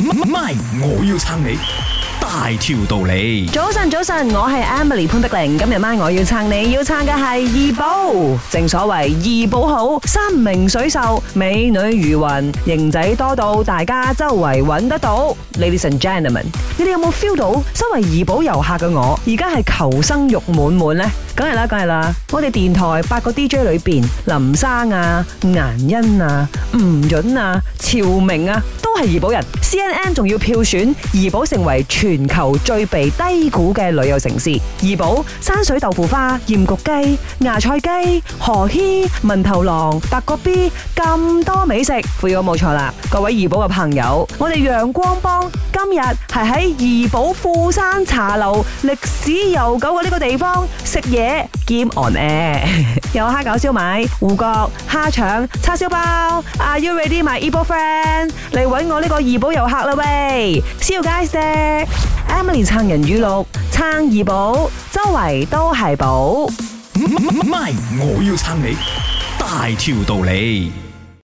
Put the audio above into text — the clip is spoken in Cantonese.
我要撐你大條道理。早晨，早晨，我係 Emily 潘碧玲。今日晚我要撐你，要撐嘅係二寶。正所謂二寶好，山明水秀，美女如雲，型仔多到大家周圍揾得到。Ladies and gentlemen，你哋有冇 feel 到？身為二寶遊客嘅我，而家係求生欲滿滿呢。梗係啦，梗係啦。我哋電台八個 DJ 裏邊，林生啊，顏欣啊，唔准啊、潮明啊，都係怡保人。C N N 仲要票選怡保成為全球最被低估嘅旅遊城市。怡保山水豆腐花、鹽焗雞、芽菜雞、河蝦、文頭狼、白角 B，咁多美食，我冇錯啦，各位怡保嘅朋友。我哋陽光幫今日係喺怡保富山茶樓，歷史悠久嘅呢個地方食嘢兼 on air， 有蝦餃燒賣、芋角、蝦腸、叉燒包。啊！Are you ready，my evil friend？嚟搵我呢個二寶遊客啦喂！See you guys there，Emily 撐人語錄，撐二寶，周圍都係寶。唔係，我要撐你，大條道理。